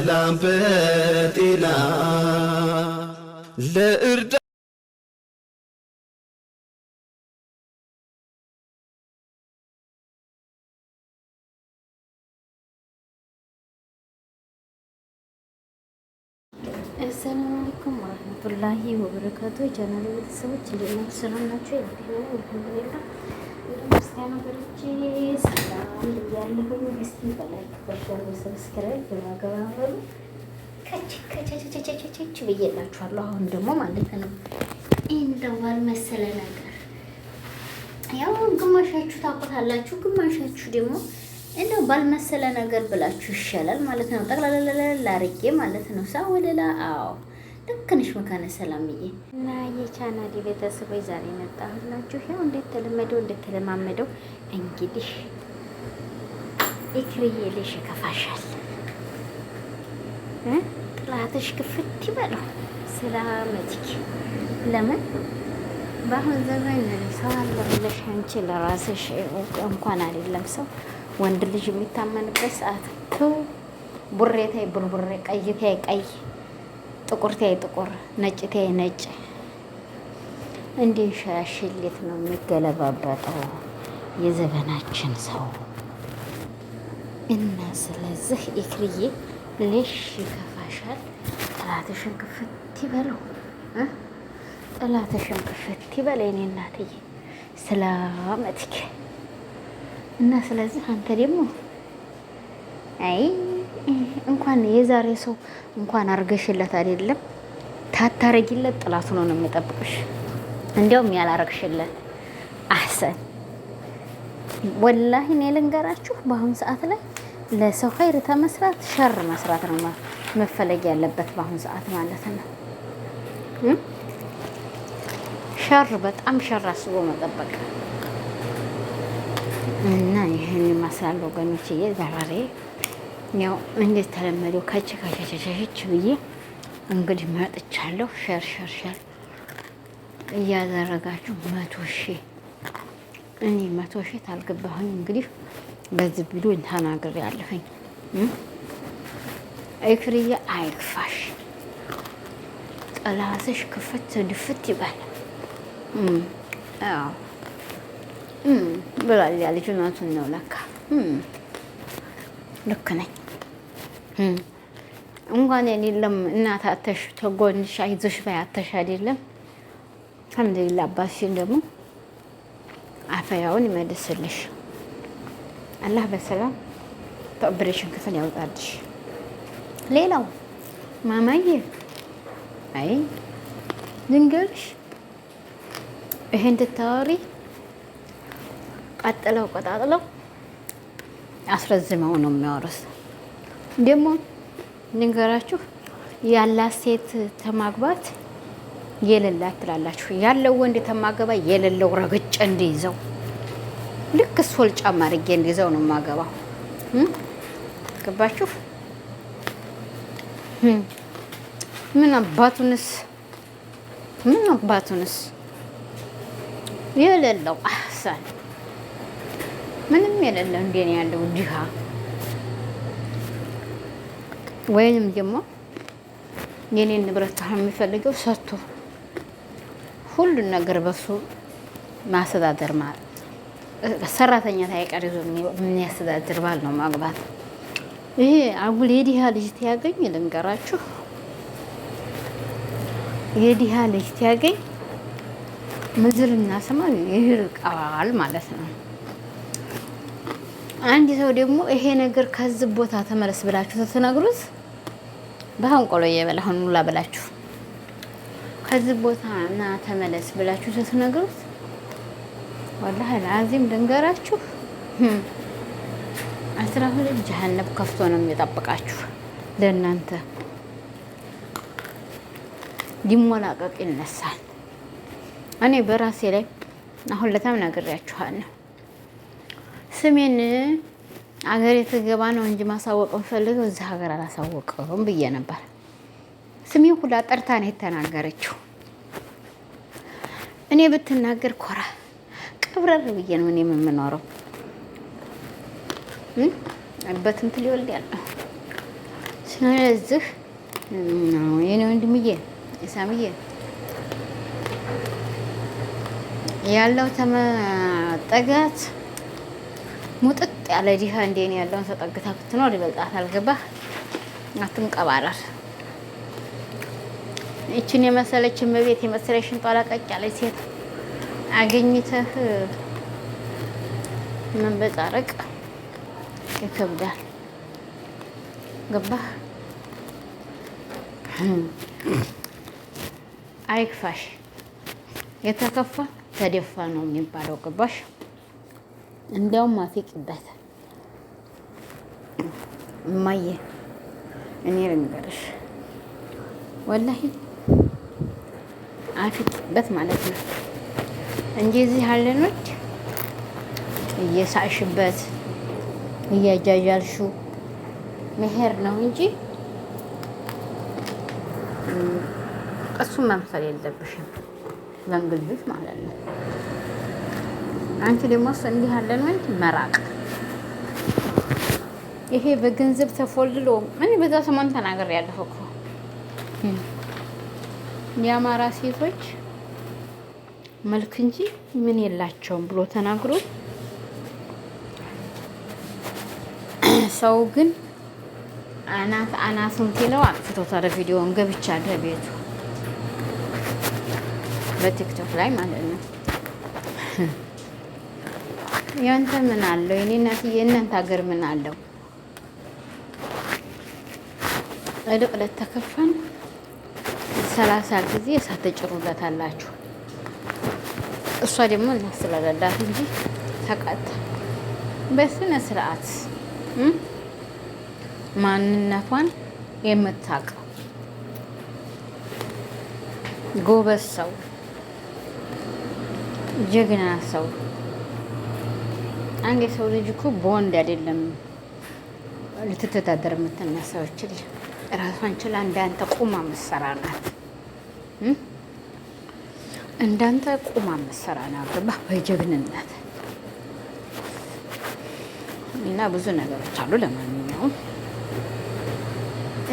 በሰላም በጤና ለእርዳ አሰላሙ አለይኩም ወረህመቱላሂ ወበረካቱ። የቻናል ቤተሰቦች እንደምን ሰላም ናቸው? ወደ ክርስቲያን ወገኖቼ ሰላም እያለሁኝ እስኪ በላይክ በሸሩ ሰብስክራይብ በማገባበሉ ከች ከቸቸቸቸቸች ብዬላችኋለሁ። አሁን ደግሞ ማለት ነው እንደዋል መሰለ ነገር ያው ግማሻችሁ ታቆታላችሁ፣ ግማሻችሁ ደግሞ እንደው ባልመሰለ ነገር ብላችሁ ይሻላል ማለት ነው። ጠቅላላ አድርጌ ማለት ነው ሳ ወለላ አዎ ልክ ነሽ መካነ ሰላምዬ። እና የቻናሌ ቤተሰቦች ዛሬ መጣሁላችሁ። ያው እንደተለመደው እንደተለማመደው እንግዲህ ኢክርዬ ልሽ ይከፋሻል፣ ጥላትሽ ክፍት ይበለው ስላመትኪ። ለምን በአሁን ዘመን ሰው አለ ብለሽ አንቺ ለራስሽ እንኳን አይደለም ሰው ወንድ ልጅ የሚታመንበት ሰዓት ቡሬታይ ቡርቡሬ ቀይታይ ቀይ ጥቁር ቲያይ ጥቁር፣ ነጭ ቲያይ ነጭ እንዲህ ሻሽሊት ነው የሚገለባበጠው የዘበናችን ሰው እና ስለዚህ ኢክርዬ ልሽ ይከፋሻል። ጠላትሽን ክፍት ይበለው፣ ጠላትሽን ክፍት ይበል የኔ እናትዬ ስላመትክ እና ስለዚህ አንተ ደግሞ አይ እንኳን የዛሬ ሰው እንኳን አርገሽለት አይደለም ታታረጊለት ጥላቱ ነው የሚጠብቅሽ። እንዲያውም ያላረግሽለት አሰን ወላሂ እኔ ልንገራችሁ፣ በአሁኑ ሰዓት ላይ ለሰው ኸይር ተመስራት ሸር መስራት ነው መፈለግ ያለበት በአሁኑ ሰዓት ማለት ነው። ሸር በጣም ሸር አስቦ መጠበቅ እና ይህን ይመስላል ወገኖች ዛሬ ያው እንደተለመደው ከች ከቸቸቸች ብዬ እንግዲህ መጥቻለሁ። ሸር ሸር ሸር እያደረጋችሁ መቶ ሺህ እኔ መቶ ሺህ ታልገባሁኝ እንግዲህ በዚህ ቪዲዮ ተናግሬያለሁኝ። አይክርዬ አይክፋሽ፣ ጠላትሽ ክፍት ድፍት ይበል ብላል ያለች እናቱን ነው ለካ ልክ ነኝ። እንኳን የሌለም እናት አተሽ ተጎንሽ አይዞሽ ባይ አተሽ አይደለም። አልሐምዱሊላህ አባትሽን ደግሞ አፈያውን ይመልስልሽ። አላህ በሰላም ከኦፕሬሽን ክፍል ያውጣልሽ። ሌላው ማማዬ፣ አይ ድንገርሽ ይሄን ትታወሪ ቀጥለው ቀጣጥለው አስረዝመው ነው የሚያወሩት። ደግሞ ንገራችሁ ያላት ሴት ተማግባት የሌላት ትላላችሁ። ያለው ወንድ ተማገባ የሌለው ረግጬ እንዲይዘው ልክ ሶል ጫማ አድርጌ እንዲይዘው ነው የማገባው። ገባችሁ? ምን አባቱንስ ምን አባቱንስ የሌለው አህሳን ምንም የሌለው እንደኔ ያለው ድሃ ወይንም ደግሞ የኔን ንብረት የሚፈልገው ሰጥቶ ሁሉን ነገር በሱ ማስተዳደር ማለት ሰራተኛ ታይቀር ይዞ የሚያስተዳድር ባል ነው ማግባት። ይሄ አጉል የድሃ ልጅ ትያገኝ ልንገራችሁ፣ የድሃ ልጅ ትያገኝ ምድርና ሰማይ ይርቃል ማለት ነው። አንድ ሰው ደግሞ ይሄ ነገር ከዚህ ቦታ ተመለስ ብላችሁ ስትነግሩት በአንቆሎ እየበላ አሁን ሙላ ብላችሁ ከዚህ ቦታ ና ተመለስ ብላችሁ ስትነግሩት ወላሂ ለአዚም ድንገራችሁ አስራ ሁለት ጀሀነብ ከፍቶ ነው የሚጠብቃችሁ። ለእናንተ ሊሞላቀቅ ይነሳል። እኔ በራሴ ላይ አሁን ለታም ነግሬያችኋለሁ። ስሜን አገሬ የተገባ ነው እንጂ ማሳወቅ የምፈልገው እዚህ ሀገር አላሳወቀውም ብዬ ነበር። ስሜን ሁላ ጠርታ ነው የተናገረችው። እኔ ብትናገር ኮራ ቀብረር ብዬ ነው እኔ የምኖረው። በትንት ሊወልድ ያለው ስለዚህ የኔ ወንድምዬ ኢሳምዬ ያለው ተመጠጋት ሙጥጥ ያለ ዲሃ እንደኔ ያለውን ተጠግታ ብትኖር ይበልጣታል። ገባህ? አትንቀባረር። ይችን የመሰለች እመቤት የመሰለች ሽንጧ ላቀቅ ያለች ሴት አገኝተህ መንበጣረቅ ይከብዳል። ገባህ? አይክፋሽ። የተከፋ ተደፋ ነው የሚባለው። ገባሽ? እንዲያውም አፌቅበት እማዬ፣ እኔ ልንገርሽ ወላሂ አፌቅበት ማለት ነው እንጂ እዚህ ያለኖች እየሳቅሽበት እያጃጃልሽው መሄድ ነው እንጂ እሱም መምሰል የለብሽም ለእንግልዝሽ ማለት ነው። አንቺ ደግሞ እንዲህ ያለን ወንድ መራቅ። ይሄ በገንዘብ ተፎልሎ እኔ በዛ ሰሞን ተናገር ያለሁ እኮ የአማራ ሴቶች መልክ እንጂ ምን የላቸውም ብሎ ተናግሮ ሰው ግን አናት አናቱን ቴለው አጥፍቶታል። ቪዲዮውን ገብቻለሁ ቤቱ በቲክቶክ ላይ ማለት ነው። ያንተ ምን አለው? የኔ እናትዬ የእናንተ ሀገር ምን አለው? እልቅ ለተከፈን ሰላሳ ጊዜ እሳት አላችሁ። እሷ ደግሞ እናስለረዳት እንጂ ተቃጥ በስነ ስርዓት ማንነቷን የምታውቅ ጎበዝ ሰው፣ ጀግና ሰው አንድ የሰው ልጅ እኮ በወንድ አይደለም ልትተዳደር የምትነሳው ይችል ራሷን ችላ እንዳንተ ቁማ መሰራ ናት። እንዳንተ ቁማ መሰራ ናት። ገባ በጀግንነት እና ብዙ ነገሮች አሉ። ለማንኛውም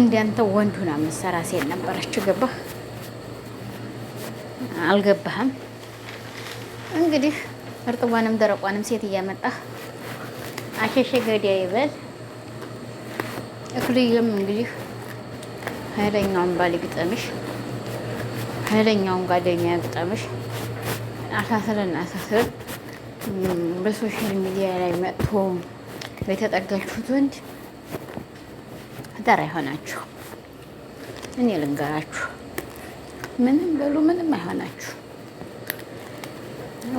እንዳንተ ወንድ ሁና መሰራ ሴት ነበረች። ገባ አልገባህም? እንግዲህ እርጥቧንም ደረቋንም ሴት እያመጣ አሸሸ ገዳ ይበል። እክልዬም እንግዲህ ኃይለኛውን ባል ግጠምሽ፣ ኃይለኛውን ጓደኛ ግጠምሽ። አሳስርን አሳስርን በሶሻል ሚዲያ ላይ መጥቶ የተጠጋችሁት ወንድ ተራ አይሆናችሁ። እኔ ልንገራችሁ፣ ምንም በሉ ምንም አይሆናችሁ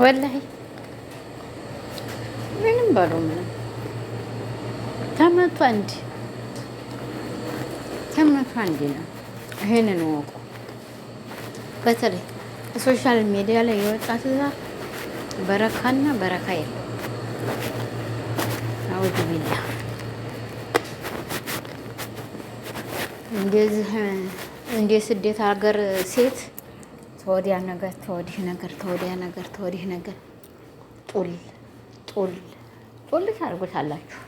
ወላሂ በለው ምንም ነው። ይሄንን ወቁ። በተለይ ሶሻል ሚዲያ ላይ የወጣ ትዕዛዝ በረካና በረካ የለም። አውድ ቢላ እንደዚህ እንደ ስደት ሀገር ሴት ተወዲያ ነገር ተወዲህ ነገር ተወዲያ ነገር ተወዲህ ነገር ጡል ጡል ቆልት አድርጎታላችሁ።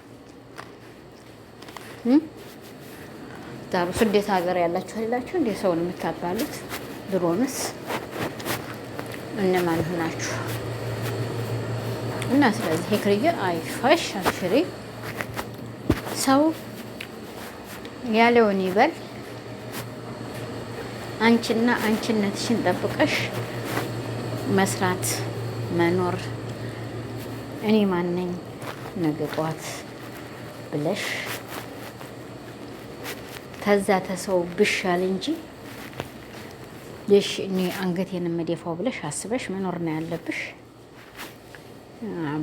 ዛሩ ስደት ሀገር ያላችሁ አይደላችሁ እንዴ? ሰውን የምታባሉት ድሮንስ እነማን ሆናችሁ? እና ስለዚህ ሄክርየ አይፋሽ አሽሪ ሰው ያለውን ይበል። አንቺና አንቺነትሽን ጠብቀሽ መስራት መኖር እኔ ማን ነኝ ነገ ጠዋት ብለሽ ተዛ ተሰው ብሻል እንጂ ልሽ እኔ አንገቴን የምደፋው ብለሽ አስበሽ መኖር ነው ያለብሽ።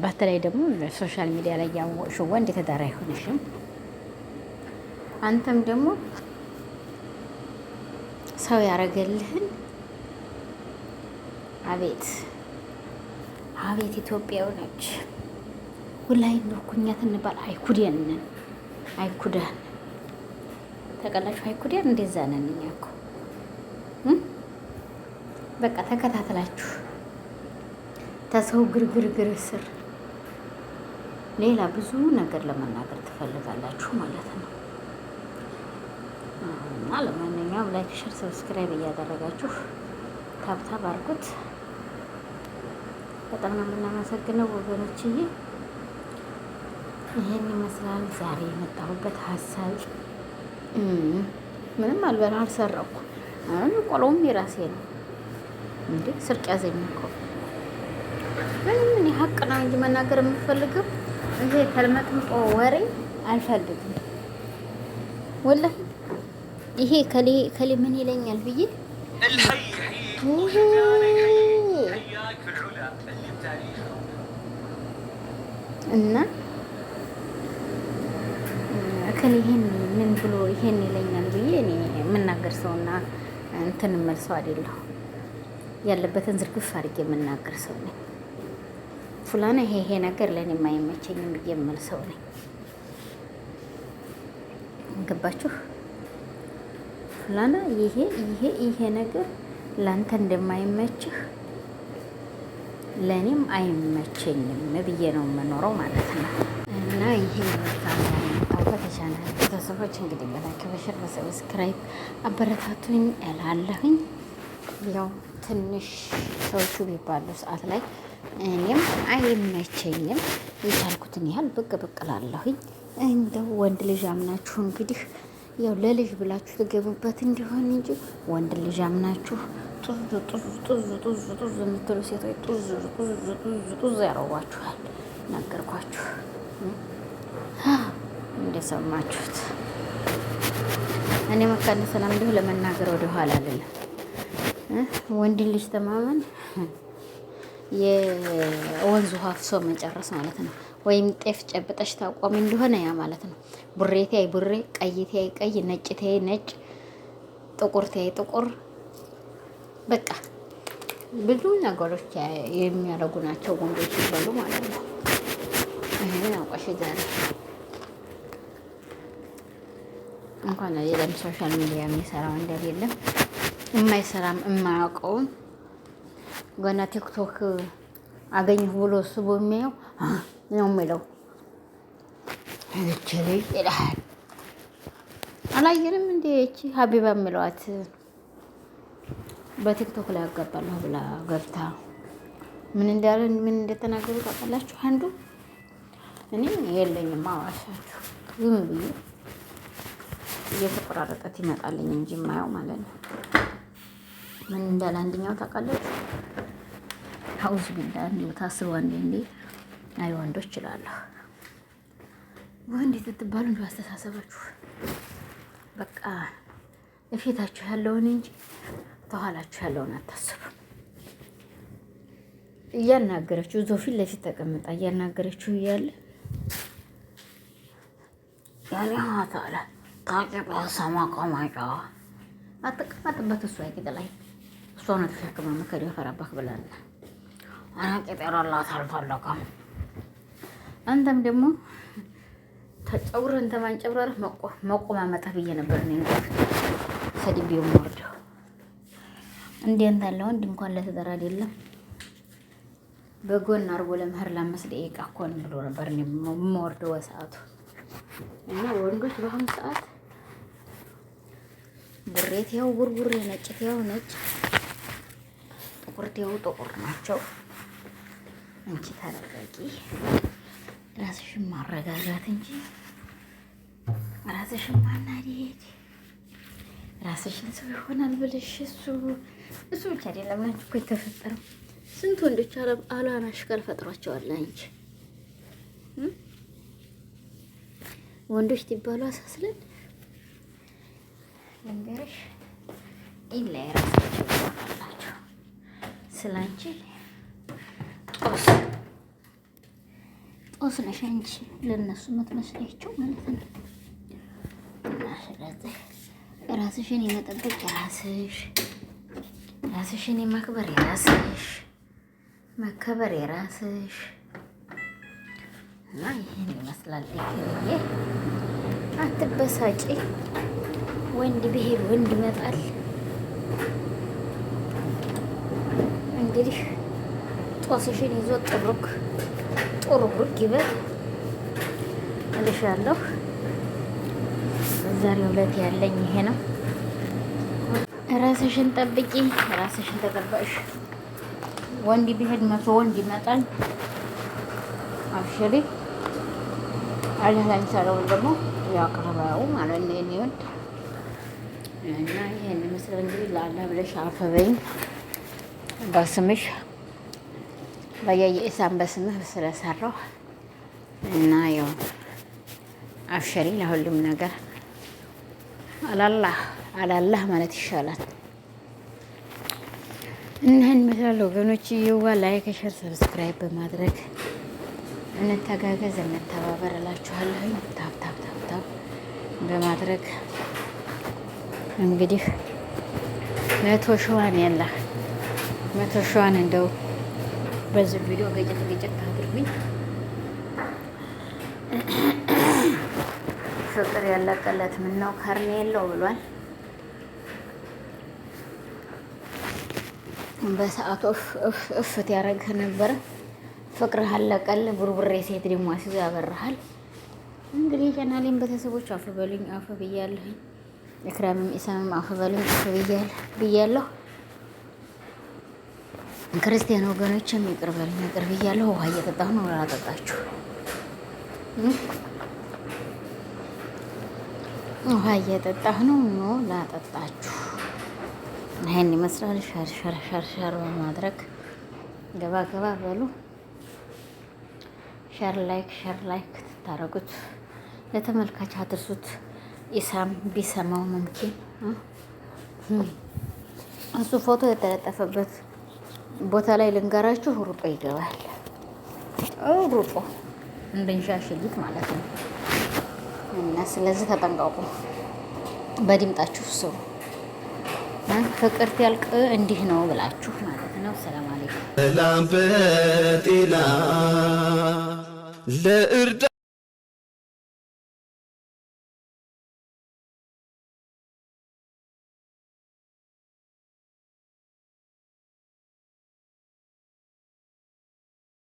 በተለይ ደግሞ ሶሻል ሚዲያ ላይ ያወቅሽው ወንድ የተዳራ አይሆንሽም። አንተም ደግሞ ሰው ያረገልህን አቤት አቤት ኢትዮጵያው ነች። ወላሂ ምርኩኛት እንባል አይኩዴን ነን አይኩዳን ተቀላችሁ አይኩዴን እንደዛ ነን እኛ እኮ በቃ ተከታትላችሁ ተሰው ግርግርግር ስር ሌላ ብዙ ነገር ለመናገር ትፈልጋላችሁ ማለት ነው። እና ለማንኛውም ላይክ፣ ሸር፣ ሰብስክራይብ እያደረጋችሁ ታብታብ አድርጉት። በጣም ነው የምናመሰግነው ወገኖችዬ። ይህን ይመስላል ዛሬ የመጣሁበት ሀሳብ። ምንም አልበላ አልሰራኩ። አሁን ቆሎም የራሴ ነው እንዴ ስርቅ ያዘኝ እኮ ምንም እኔ ሀቅ ነው እንጂ መናገር የምፈልገው ይሄ ተልመጥምጦ ወሬ አልፈልግም። ወላሂ ይሄ ከሌ ከሌ ምን ይለኛል ብዬ እና እንትን ይሄን ምን ብሎ ይሄን ይለኛል ብዬ እኔ የምናገር ሰውና እንትን መልሰው አይደለሁ ያለበትን ዝርግፍ አድርጌ የምናገር ሰው ነኝ። ፉላና ይሄ ይሄ ነገር ለእኔ የማይመቸኝም ብዬ የምልሰው ነኝ። ገባችሁ? ፉላና ይሄ ይሄ ይሄ ነገር ለአንተ እንደማይመችህ ለእኔም አይመቸኝም ብዬ ነው የምኖረው ማለት ነው እና ይሄ ቻናል ቤተሰቦች እንግዲህ በላኪ በሽር በሰብስክራይብ አበረታቱኝ እላለሁኝ። ያው ትንሽ ሰዎቹ ቢባሉ ሰዓት ላይ እኔም አይመቸኝም፣ የቻልኩትን ያህል ብቅ ብቅ እላለሁኝ። እንደው ወንድ ልጅ አምናችሁ እንግዲህ ያው ለልጅ ብላችሁ ትገቡበት እንዲሆን እንጂ ወንድ ልጅ አምናችሁ ጡዝ ጡዝ ጡዝ ጡዝ ጡዝ የምትሉ ሴቶች ጡዝ ጡዝ ጡዝ ጡዝ ያረዋችኋል። ነገርኳችሁ። እንደሰማችሁት እኔ መካነ ሰላም እንዲሁ ለመናገር ወደ ኋላ አለለም። ወንድ ልጅ ተማመን የወንዙ ሀፍሶ ፍሶ መጨረስ ማለት ነው። ወይም ጤፍ ጨብጠሽ ታቋሚ እንደሆነ ያ ማለት ነው። ቡሬቴ አይ ቡሬ፣ ቀይቴ አይ ቀይ፣ ነጭቴ አይ ነጭ፣ ጥቁርቴ አይ ጥቁር። በቃ ብዙ ነገሮች የሚያደርጉ ናቸው ወንዶች ይባሉ ማለት ነው። ይህንን አውቀሽ ዛሬ እንኳን ሌላም ሶሻል ሚዲያ የሚሰራው እንደሌለ የማይሰራም የማያውቀውም ገና ቲክቶክ አገኘሁ ብሎ ስቦ የሚያየው ነው የሚለው ችል ይላል። አላየንም እንደ ይቺ ሀቢባ የሚለዋት በቲክቶክ ላይ ያጋባለሁ ብላ ገብታ ምን እንዳለ ምን እንደተናገሩ ታውቃላችሁ? አንዱ እኔም የለኝም አዋሻችሁ ዝም ብዬ እየተቆራረጠት ይመጣልኝ እንጂ የማየው ማለት ነው። ምን እንዳለ አንደኛው ታውቃለች። አውዝ ቢላ እንዲሁ ታስብ አንዴ እንዴ አይ ወንዶች ይችላለሁ ወንዴት ትትባሉ እንዲ አስተሳሰባችሁ በቃ እፊታችሁ ያለውን እንጂ ተኋላችሁ ያለውን አታስቡ። እያናገረችው እዛው ፊት ለፊት ተቀምጣ እያናገረችው እያለ ያኔ ተላ ታጭቆ ሰማቆ ማጮ አትቀመጥበት። እሷ ቂጥ ላይ እሷ ነው ተሸክመ ምክር የፈረባክ ብላለ አና ቄጠራላት አልፈለገም። አንተም ደግሞ ተጨውር እንተማንጨብረር መቆማመጠህ ብዬ ነበር እኔ ሰድቤው ወርደው እንዴት ያለ ወንድ እንኳን ለተጠራ አይደለም በጎን አርጎ ለመህር ለአምስት ደቂቃ እኮ ነው ብሎ ነበር እኔ የምወርደው እና ወንዶች በአሁኑ ሰዓት ብሬት ያው ቡርቡሬ ነጭ ያው ነጭ፣ ጥቁር ያው ጥቁር ናቸው። አንቺ ታረጋጊ፣ ራስሽን ማረጋጋት እንጂ ራስሽን ማናደድ ራስሽን ሰው ይሆናል ብለሽ እሱ እሱ ብቻ አይደለም ናቸው እኮ የተፈጠረው ስንት ወንዶች አላናሽ ጋር ፈጥሯቸዋል። አንቺ ወንዶች ትባሉ አሳስለን ልንገርሽ ኢላ የራሳቸው ይሆናላቸው ስላንቺ ጦስ ጦስ ነሽ አንቺ ለእነሱ የምትመስላቸው ማለት ነው። እና ስለዚህ ራስሽን የመጠበቅ የራስሽ ራስሽን የማክበር የራስሽ መከበር የራስሽ እና ይህን ይመስላል። አትበሳጪ ወንድ ብሄድ ወንድ ይመጣል። እንግዲህ ጦስሽን ይዞ ጥሩክ ጥሩክ ይበል እልሻለሁ። ዛሬ ሁለት ያለኝ ይሄ ነው። ራስሽን ጠብቂ፣ ራስሽን ተጠባሽ። ወንድ ቢሄድ መቶ ወንድ ይመጣል። አብሽሪ አለ ላንቻለው ደግሞ ያቀረበው ማለት ነው። እና ይህን ምስል እንግዲህ ለአላህ ብለሽ አፈበኝ በስምሽ በየየኢሳን በስምህ ስለሰራሁ እና ያው አብሸሪ ለሁሉም ነገር አላላህ አላላህ ማለት ይሻላል። እነህን ይመስላል ወገኖች፣ ይዋ ላይክ፣ ሸር፣ ሰብስክራይብ በማድረግ እንተጋገዝ፣ እንተባበር እላችኋለሁ። ታፕ ታፕ ታፕ ታፕ በማድረግ እንግዲህ መቶ ሸዋን ያለ መቶ ሸዋን እንደው በዚህ ቪዲዮ ገጨት ገጨት አድርጉኝ። ፍቅር ያለቀለት ምን ነው ከርሜ የለው ብሏል። በሰዓቱ እፍት ያደረግህ ነበረ። ፍቅር አለቀል። ቡርቡሬ ሴት ደግሞ ሲዞ ያበረሃል። እንግዲህ ቻናሌን ቤተሰቦች አፍ በሉኝ፣ አፍ ብያለሁኝ። ኢክራምም ኢሳምም አፈበሉኝ ብያል ብያለሁ። ክርስቲያን ወገኖችም ይቅር በሉኝ ይቅር ብያለሁ። ውሃ እየጠጣሁ ነው። ላጠጣችሁ ውሃ እየጠጣሁ ነው። ኖ ላጠጣችሁ። ይህን ይመስላል። ሸርሸርሸርሸር በማድረግ ገባ ገባ በሉ። ሸር ላይክ ሸር ላይክ ትታረጉት ለተመልካች አድርሱት። ኢሳም ቢሰማው መምኪን እሱ ፎቶ የተለጠፈበት ቦታ ላይ ልንገራችሁ፣ ሩጦ ይገባል። ሩጦ እንድንሻሽሉት ማለት ነው። እና ስለዚህ ተጠንቀቁ፣ በድምጣችሁ ስሩ። ፍቅር ያልቅ እንዲህ ነው ብላችሁ ማለት ነው። ሰላም አለይኩም ለእርዳ